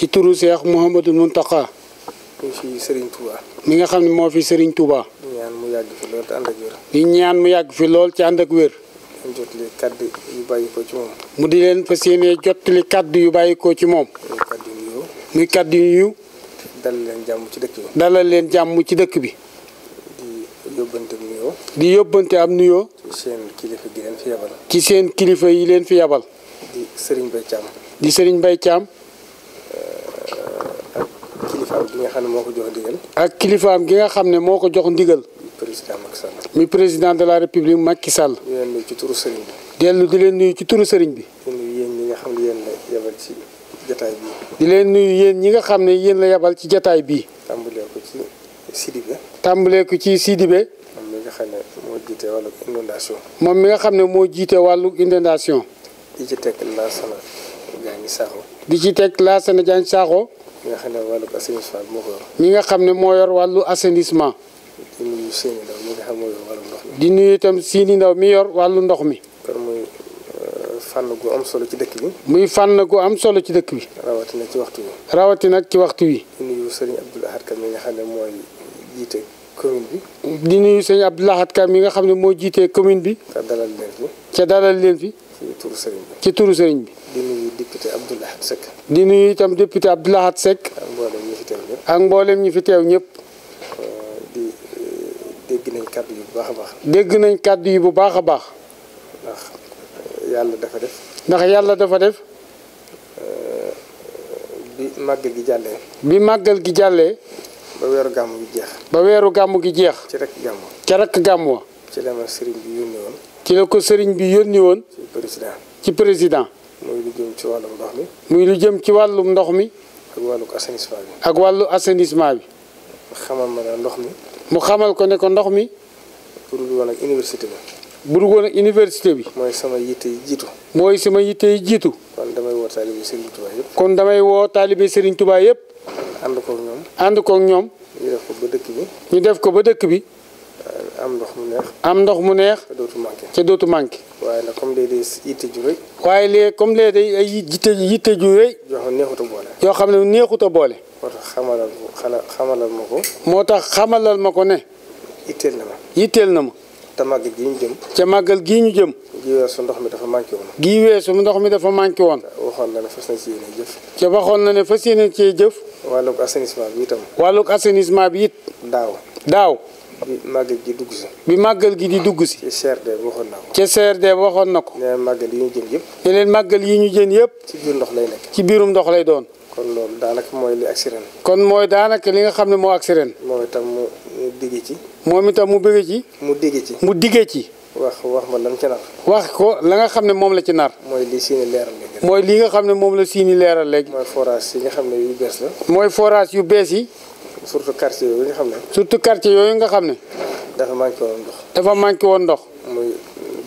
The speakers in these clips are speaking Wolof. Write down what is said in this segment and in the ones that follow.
ci turu Cheikh Mouhamadou Mountakha. mi fi Serigne mi nga xam ne moo fi Serigne Touba. di ñaan mu yàgg fi lool yàgg fi lool ci ànd ak wér. mu jottali mu di leen fas yéenee jottali kàddu yu bàyyi ko ci moom. muy kàdd yu yiw. dalal leen jàmm ci dëkk bi. leen jàmm ci dëkk bi. di yóbbante am nuyoo. di ci seen kilifa yi leen fi yabal. ci seen kilifa yi leen fi yabal. di Serigne Mbaye Thiam. di Serigne Mbaye Thiam. mi nga xam ne moo gi nga xam ne moo ko jox ndigal. président Macky Sall. la république Macky Sall. di leen nuyu ci turu sëriñ di leen nuyu ci turu sëriñ bi. di nuyu yéen ñi nga xam ne yéen di leen nuyu yéen ñi nga xam ne yéen la yabal ci jataay bii. tàmbalee ko ci Sidibé. tàmbalee ko ci Sidibé. moom mi nga xam ne moo jiite wàllu inondation. moom mi nga xam ne moo jiite wàllu di ci teg Laasana Diagne Sakho. di ñi nga xam ne wàllu assainissement bi moo ko yor. ñi nga xam ne moo yor wàllu assainissement. di nuyu seen i ndaw mi nga xam moo yor wàllu ndox mi. di nuyu itam seen i ndaw mi yor wàllu ndox mi. kon muy euh, fànn gu am solo ci dëkk bi. muy fànn gu am solo ci dëkk bi. rawatina ci waxtu wi. rawatina ci waxtu wi. di nuyu sëriñ Abdoul Ahad Ka mi nga xam ne mooy jiite commune bi. di nuyu sëriñ Abdoul Ahad Ka mi nga xam ne moo jiite commune bi. ca dalal leen fi. ca dalal leen fi. ci turu sëriñ bi ci turu sëriñ bi. député Abdoul Ahad Seck. di nuyu itam député Abdoul Ahad Seck. ak mboolem ñi fi teew ñëpp. ak mboolem ñi fi teew ñëpp. di eh, dégg nañ kàddu yi bu baax a baax. dégg nañ kàddu yi bu baax a baax. ndax eh, yàlla dafa def. ndax yàlla dafa def. Eh, bi màggal gi jàllee. bi màggal gi jàllee. ba weeru gàmm gi jeex. ba weeru gàmm gi jeex. ci rek sëriñ bi yónni woon. ci la ko sëriñ bi yónni woon. ci président. muy lu jëm ci wàllum ndox mi. muy lu jëm ci wàllum ndox mi. ak wàllu assainissement bi. ak wàllu assainissement bi. mu xamal ma ne ndox mi. mu xamal ko ne ko ndox mi. budul woon ak université bi. budul woon ak université bi. mooy sama yitte yi jiitu. mooy sama yitte yi jiitu. kon damay woo taalibe Serigne Touba yëpp. kon damay woo taalibe Serigne Touba yëpp. ànd kook ñoom. ànd koog ñoom. ñu def ko ñu def ko ba dëkk bi. am ndox mu neex. am ndox mu neex. dootu manqué te dootu manqué. waaye nag comme léegi yitte ju rëy. waaye léegi comme léegi ay yitte yitte ju rëy. yoo xam ne neexut a boole. yoo a boole. moo tax xamalal ma ko. moo tax xamalal ma ko ne. yitteel na ma. yitteel na te màggal gii ñu jëm. ca màggal gii ñu jëm. gii weesu ndox mi dafa manqué woon. gii weesu ndox mi dafa manqué woon. waxoon na ne fas na ci yéene jëf. ca waxoon na ne fas yéene cee jëf. wàllug assainissement bi itam. bi it. daaw. bi màggal gi dugg si. bi màggal gi di dugg si. ci CRD waxoon na ko. ci CRD waxoon na ko. ne leen màggal yi ñu jëm yëpp. ne leen màggal yi ñu jëm yëpp. ci biir ndox lay nekk. ci biirum ndox lay doon. kon loolu daanaka mooy li agsi ren. kon mooy daanaka li nga xam ne moo agsi ren. moom itam mu digg ci. moom itam mu bëgg ci. mu digg ci. mu digg ci. wax wax ma lan ci nar. wax ko la nga xam ne moom la ci nar. mooy li siini leeral léegi. mooy li nga xam ne moom la siini leeral léegi. mooy forage yi nga xam ne yu bees la. mooy forage yu bees yi. surtout quartier yooyu nga xam ne. surtout quartier yooyu nga xam ne. dafa manqué woon ndox. dafa manqué woon ndox. muy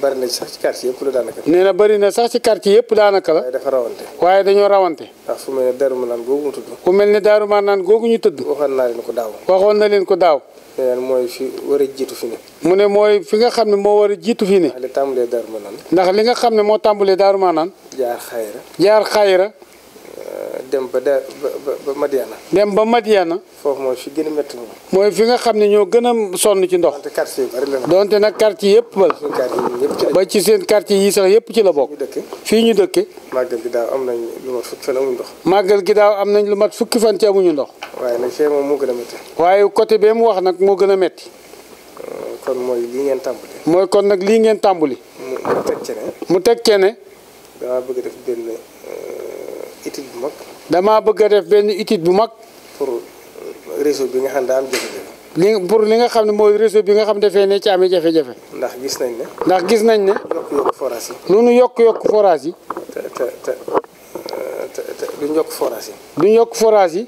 bari na sax ci quartier yëpp la daanaka. nee na bari na sax ci quartier daanaka la. waaye dafa rawante. dañoo rawante. ndax fu mel ne Darou Manane googu mu tudd. fu mel ne Darou Manane googu ñu tudd. waxoon naa leen ko daaw. waxoon na leen ko daaw. nee mooy fi war a jiitu fi ne. mu ne mooy fi nga xam ne moo war a jiitu fi ne. ndax li tàmbalee Darou Manane. ndax li nga xam ne moo tàmbalee Darou Manane. jaar xayira. jaar xayira. dem ba da ba Madiana. dem ba Madiana. foofu mooy fi gën a métti moom. mooy fi nga xam ne ñoo gën a sonn ci ndox. donte quartier bari la donte nag quartier yëpp ba ba ci seen quartier yi sax yëpp ci la bokk. fii ñu dëkke màggal gi daaw am nañ lu mat fukki fan amuñu ndox. màggal gi daaw am nañ lu mat fukki fan ci amuñu ndox. waaye nag fee moo gën a métti. waaye côté bee mu wax nag moo gën a métti. Euh, kon mooy lii ngeen tàmbali. mooy kon nag lii ngeen tàmbali. mu teg cee ne. mu teg cee ne. damaa bëgg def benn euh, étude bu mag. dama bëgg a def benn étude bu mag. pour euh, réseau bi nga xam daa am jafe li pour li nga xam ne mooy réseau bi nga xam dafee ne ci amee jafe-jafe. ndax gis nañ ne. ndax gis nañ ne. yokk-yokk nu yokk-yokk forage yi. te te euh, te te duñ yokk forage yi. duñ yokk forage yi.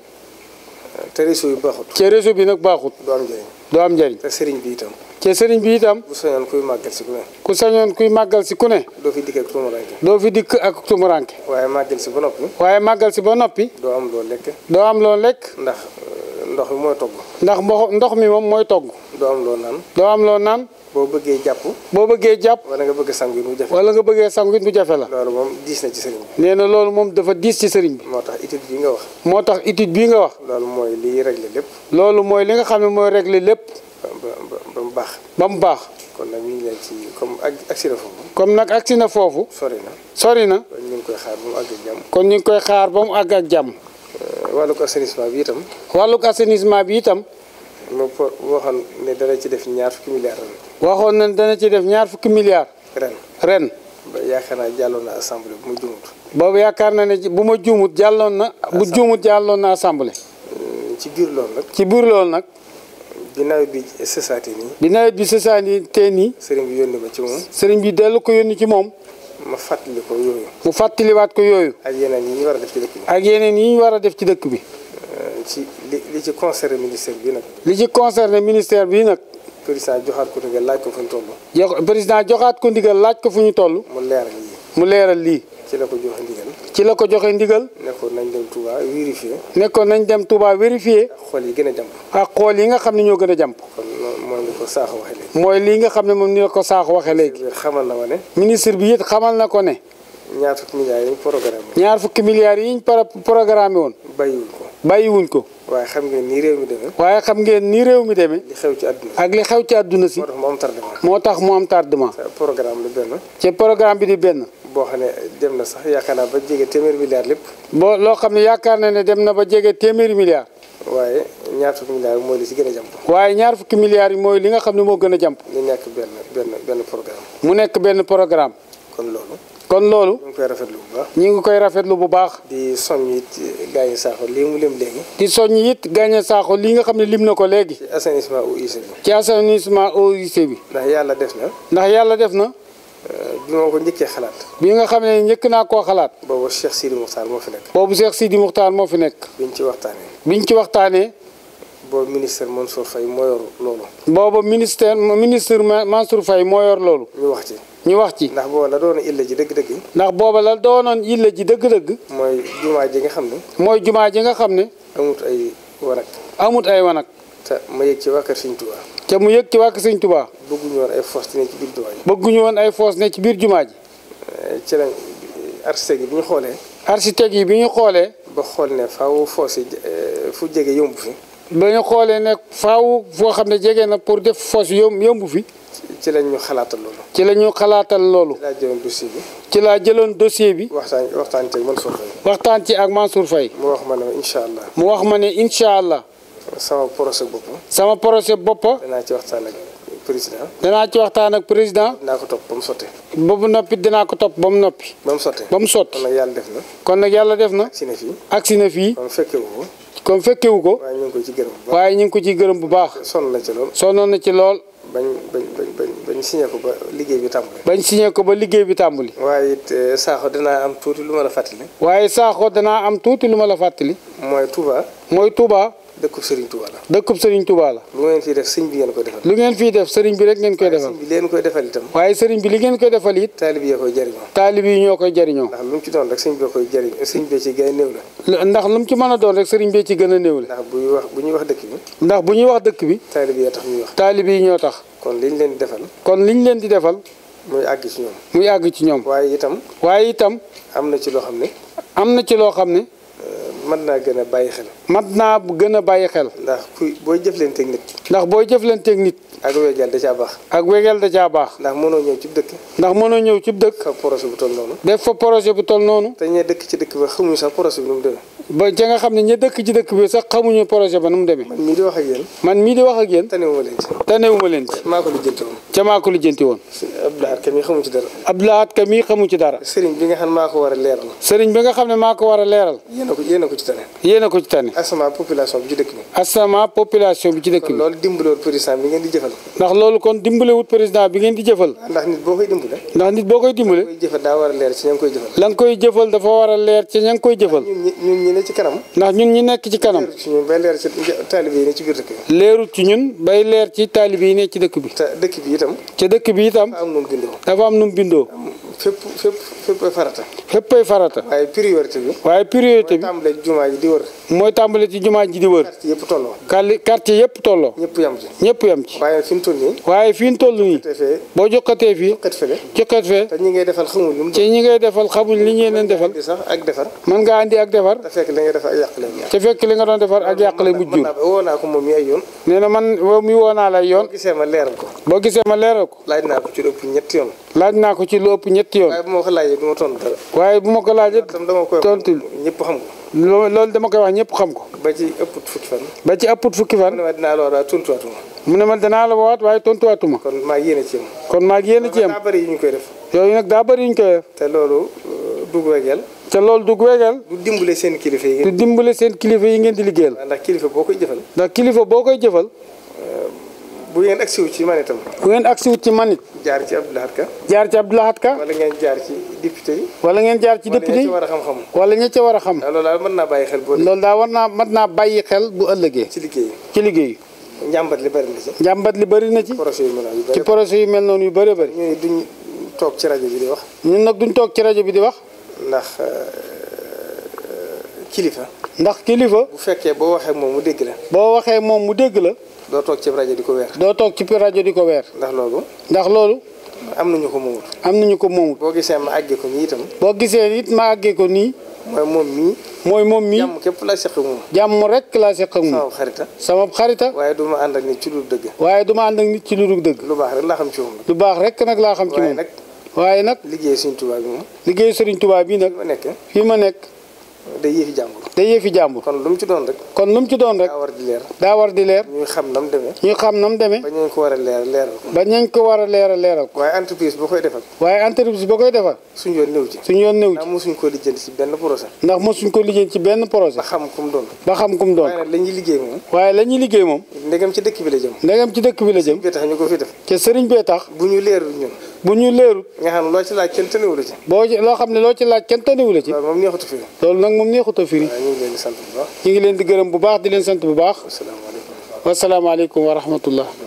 Euh, te réseau bi baaxut. te réseau bi nag baaxut. du am njëriñ. am njëriñ. te sëriñ bi itam. te sëriñ bi itam. ku sañoon kuy màggal si ku ne. ku sañoon kuy màggal si ku ne. doo fi dikk ak tumuranke. doo fi dikk ak tumuranke. waaye màggal si ba noppi. waaye màggal si ba noppi. doo am loo lekk. doo am loo lekk. ndax eh, ndox mi mooy togg. ndax ndox mi moom mooy togg. doo am loo naan. doo am loo naan. boo bëggee jàpp. boo bëggee jàpp. wala nga bëgg sangu it mu wala nga bëggee sangu it mu jafe la. loolu moom diis na ci sëriñ bi. loolu moom dafa diis ci sëriñ bi. moo tax étude bi nga wax. moo tax étude bii nga wax. loolu mooy liy régler lépp. loolu mooy li nga xam ne mooy régler lépp ba mu baax. ba mu baax. kon nag ñu ngi leen ci comme agsi na foofu. comme nag agsi na foofu. sori na sori na. kon ñu ngi koy xaar ba mu àgg ak jàmm. kon ñu ngi koy xaar ba mu àgg ak jàmm. Euh, wàllug assainissement bi itam. wàllug assainissement bi itam. moo po waxoon ne dana ci def ñaar fukki milliards ren. waxoon na dana ci def ñaar fukki milliards. ren ren. ba yaakaar naa jàlloon na assemblée bu ma juumut. boobu yaakaar na ne bu ma juumut jàlloon na. bu juumut jàlloon na assemblée. Euh, ci biir loolu nag. ci biir loolu nag. di nawet bi sësaatee nii. di nawet bi sësaatee nii. sëriñ bi yónni ma ci moom. sëriñ bi dellu ko yónni ci moom. ma fàttali ko yooyu. mu fàttaliwaat ko yooyu. ak yeneen yi ñu war a def ci dëkk bi. ak yeneen ñu war a def ci dëkk bi. Euh, ci li ci concerne ministère bi nag. li ci concerne ministère bi nag. président joxaat ko ndigal laaj ko fu ñu toll. jox président joxaat ko ndigal laaj ko fu ñu toll. mu leeral lii. mu leeral lii. ci la ko jox ndigal. ci la ko joxe ndigal. nekkoon nañ dem Touba vérifier. nekkoon nañ dem Touba vérifier. xool yi gën a jàmp. ak xool yi nga xam ne ñoo gën a jàmp. mooy lii nga xam ne moom ni la ko saax waxee léegi. xamal na ma ne. ministre bi it xamal na ko ne. ñaar fukki milliards yi ñu programme woon. ñaar fukki milliards yi ñu programme woon. bàyyiwuñ bàyyiwuñ ko. waaye xam ngeen ni réew mi demee. waaye xam ngeen ni réew mi demee. li xew ci àdduna ak li xew ci àdduna si. moo tax mu am tardement. programme bi benn. ci programme bi di benn. boo xam ne na sax yaakaar naa ba jege téeméeri milliards lépp. boo loo xam ne yaakaar na ne dem na ba jege téeméeri milliards. waaye ñaar fukki milliards yi mooy li si gën a jàmp. waaye ñaar fukki milliards yi mooy li nga xam ne moo gën a jàmp. mu nekk benn benn benn programme. mu nekk benn programme. kon loolu. kon loolu. ñu ngi koy rafet lu baax. ñu ngi koy rafetlu bu baax. di soññ it gaañu saako li mu lim léegi. di soññ it gaañu saako lii nga xam ne lim na ko léegi. ci assainissement OIC bi. ci assainissement bi. ndax yàlla def na. ndax yàlla def na. Euh, bi ma xalaat. bi nga xam ne njëkk naa koo xalaat. boobu Cheikh Sidi Moukhtar moo fi nekk. boobu Cheikh Sidi Moukhtar moo fi nekk. biñ ci waxtaanee. biñ ci waxtaanee. boobu ministre Mansour Faye moo yor loolu. boobu ministère ministre Mansour fay moo yor loolu. wax ci. ñu wax ci. ndax booba la doon illa ji dëgg-dëgg. ndax booba la doonoon illa ji dëgg-dëgg. mooy jumaa ji nga xam ne. mooy jumaa ji nga xam ne. amut ay wanag. amut ay wanag. te ma yëg ci waa kër Sëñ Tuubaa. te mu yëg ci waa kër Sëñ Tuubaa. bëgguñu woon ay foos ne ci biir woon ay foos ne ci biir jumaa ji. Eh, ci lañ architecte yi bi ñu xoolee. architecte yi bi ñu xoolee. ba xool ne faaw foos yi eh, fu jege yomb fi. ba ñu xoolee ne faaw foo xam ne jege na pour def fos yomb yomb fi ci la ñu xalaatal loolu. ci la ñu xalaatal loolu. ci laa jëloon dossier bi. waxtaan ci ak Mansour Faye. mu wax ma ne incha allah. mu wax ma ne incha allah. sama projet bopp. sama projet bopp. danaa ci waxtaan ak président. danaa ci waxtaan ak président. dinaa ko topp ba mu sotti. ba mu noppi ko topp ba mu noppi. ba mu sotti ba mu sotti. kon nag yàlla def na. kon nag yàlla def na. agsi na fii na fii. kon fekke wu ko. kon fekke wu ko. waaye ñu ngi ko ci gërëm bu baax. waaye ci lool. ñu signé ko ba liggéey bi tàmbali. bañ signé ko ba liggéey bi tàmbali. waaye it eh, Sakho danaa am tuuti lu ma la fàttali. waaye Sakho danaa am tuuti lu ma la fàttali. mooy Touba. mooy Touba. dëkkub Serigne Touba la. dëkkub Serigne Touba la. lu ngeen fii def sëriñ bi ngeen koy defal. lu ngeen fii def sëriñ bi rek ngeen koy defal. waaye sëriñ bi leen koy defal itam. waaye sëriñ bi li ngeen koy defal it. taalib yi koy jëriñoo. taalib yi ñoo koy jëriñoo. ndax lu mu ci doon rek sëriñ bi koy jëriñ sëriñ bi ci gën a néew la. ndax lu mu ci mën a doon rek sëriñ bi ci gën a néew la. ndax bu ñuy wax bu ñuy wax dëkk bi. ndax bu ñuy wax dëkk bi. taalib yi tax ñuy wax. taalib yi ñoo tax. kon liñ leen di defal. kon liñ leen di defal. muy àgg ci ñoom. muy àgg ci ñoom. waaye itam. waaye itam. am na ci loo xam ne. am na ci loo xam ne. mën naa gën a bàyyi xel. mat naa gën a bàyyi xel. ndax kuy booy jëflanteeg nit. ndax booy jëflanteeg nit. ak wegeel da caa baax. ak wegeel da caa baax. ndax mënoo ñëw cib dëkk. ndax mënoo ñëw ci dëkk. fa projet bu toll noonu. projet bu toll noonu. te dëkk ci dëkk ba xamuñu sax projet bi nu mu demee. ba ca nga xam ne ña dëkk ci dëkk bi sax xamuñu projet ba nu mu demee. man mii di wax ak yéen. man mii di wax ak yéen. tanewuma leen ci. tanewuma leen ci. maa ko lijjanti woon. ca maa ko lijjanti woon. Abdoulahat Ka mii xamu ci dara. Abdoulahat Ka mii xamu ci dara. sëriñ bi nga xam ne maa ko war a leeral. sëriñ bi nga xam ne maa ko war a leeral. yéen ko yéen a yéen ko ci tane. asama population bi ci dëkk bi. asama population bi ci dëkk bi. kon loolu dimbalewul bi ngeen di jëfal. ndax loolu kon dimbalewut président bi ngeen di jëfal. ndax nit boo koy dimbale. ndax nit boo koy dimbale. la nga koy jëfal daa war a leer ci ña koy jëfal. la nga koy jëfal dafa war leer ci ña ngi koy jëfal. ñun ñun ñi nekk ci kanam. ndax ñun ñi nekk ci kanam. leerut ci ñun bay leer ci taalibe yi ne ci dëkk bi. leerut ci ñun bay leer ci taalibe yi ne ci dëkk bi. te dëkk bi itam. ca dëkk bi itam. dafa am nu mu bindoo. fépp fépp féppay farata. féppay farata. waaye priorité bi. waaye priorité bi mooy tàmbale ci jumaa ji di wër. mooy tàmbale ci jumaa ji di wër. quartier yëpp tolloo. kàlli quartier yëpp tolloo. ñëpp yam ci. ñëpp yam waaye fi mu toll nii. waaye fi mu toll nii. boo jokkatee fii. jokkat fee jokkat fee. te ñi ngay defal xamuñ ñi ngay defal xamuñ li ñeen leen defal. sax ak defar. mën ngaa andi ak defar. te fekk li nga defar nga doon defar ak yàq lay mujj. woo ko moom mi ay yoon. nee na man mi woo naa lay yoon. boo gisee ma leeral ko. boo gisee ma leeral ko. laaj naa ko ci ëpp ñetti laaj naa ko ci lu ëpp ñetti yoon. waaye bu ma ko laajee du ma tontu dara. waaye bu ma ko laajee. tontu ñëpp xam ko. loolu dama koy wax ñëpp xam ko. ba ci ëpput fukki fan. ba ci ëpput fukki fan. mu ne ma dinaa la woowaat waaye tontuwaatuma. mu ne ma la woowaat waaye tontuwaatuma. kon maa ngi ci yem. kon maa ngi yéene ci yem. daa ñu koy def. yooyu nag daa bëri yu ñu koy def. te loolu euh, dugg wegeel. te loolu dugg wegeel. du dimbale seen kilifa yi. dimbale seen kilifa yi ngeen di liggéeyal. ndax kilifa boo koy jëfal. ndax kilifa boo koy jëfal bu ngeen agsi ci man itam. bu ngeen ci man jaar ci Abdou Lahad Ka. jaar ci Abdou Lahad Ka. ngeen jaar ci député yi. wala ngeen jaar ci député yi wala ña war a xam-xam. wala ña ca war a xam. Ah, loolu daal mën naa bàyyi xel bu ëllëgee. loolu daal naa mën naa bàyyi xel bu ëllëgee. ci liggéey ci liggéey. njàmbat li bëri na ci. njàmbat li bëri na ci. projet yu mel noonu yu bëri ci projet yu mel noonu yu bëri bëri. duñ toog ci rajo bi di wax. ñun nag duñ toog ci rajo bi di wax. ndax euh, kilifa. ndax kilifa. bu fekkee boo waxee moom mu dégg la. boo waxee moom mu dégg la. doo toog ci rajo di ko weer. doo toog ci rajo di ko weer. ndax loolu. ndax loolu. am nañu ko moomut. am na ñu ko moomut. boo gisee ma àggee ko nii itam. boo gisee it ma ko nii. mooy moom mii. mooy moom mii jàmm képp laa seq jàmm rek laa seq ak moom. sama xarita. sama xarita. waaye du ma ànd ci lu dëgg. waaye du ci lu dëgg. lu baax rek laa xam ci moom. lu baax rek nag laa xam ci moom. waaye nag. liggéey sëriñ Tuubaa bi moom. liggéey sëriñ Tuubaa bii nag. fi ma nekk. day yëfi jàmbur. day yëfi jàmbur. kon lu mu ci doon rek. kon lu mu ci doon rek. daa war di leer. daa war di leer. ñu xam nam demee. ñu xam nam demee. ba ñu ko war a leer a ko. ko war a leeral leeral ko. waaye entreprise boo koy defal. waaye entreprise boo koy defal. suñu yoon néew ci. suñu yoon néew ci ndax mosuñ ko lijjanti ci benn projet. ndax mosuñ ko lijjanti ci benn projet. ba xam kum doon. ba xam kum doon. waaye nag la ñuy liggéey moom. waaye la liggéey moom. ndegam ci dëkk bi la jëm. ndegam ci dëkk bi la jëm. ci sëriñ bee tax ñu ko fi def. te sëriñ bee tax. bu ñu leerul ñun bu ñu leerut. nga xam loo ci laaj kenn tëniwu la ci. boo loo xam ne loo ci laaj kenn tëniwu la ci. loolu moom neexut a firi. loolu nag moom neexut a firi. ñu ngi di sant bu baax. ñu ngi leen di gërëm bu baax di leen sant bu baax. wasalaamaaleykum wa rahmatullah